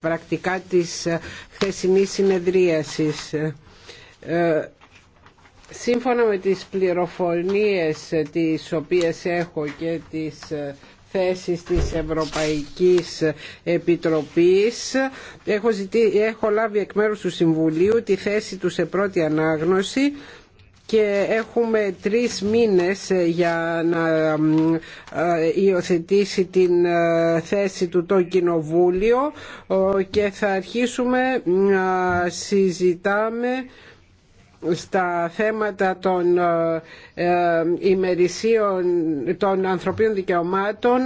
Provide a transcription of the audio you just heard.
πρακτικά της ε, χθεσινής συνεδρίασης. Ε, ε, σύμφωνα με τις πληροφορίες τις οποίες έχω και τις θέσεις της Ευρωπαϊκής Επιτροπής έχω, ζητή, έχω λάβει εκ μέρους του Συμβουλίου τη θέση του σε πρώτη ανάγνωση και έχουμε τρεις μήνες ε, για να ε, υιοθετήσει την ε, θέση του το Κοινοβούλιο και θα αρχίσουμε να συζητάμε στα θέματα των ημερησίων των ανθρωπίνων δικαιωμάτων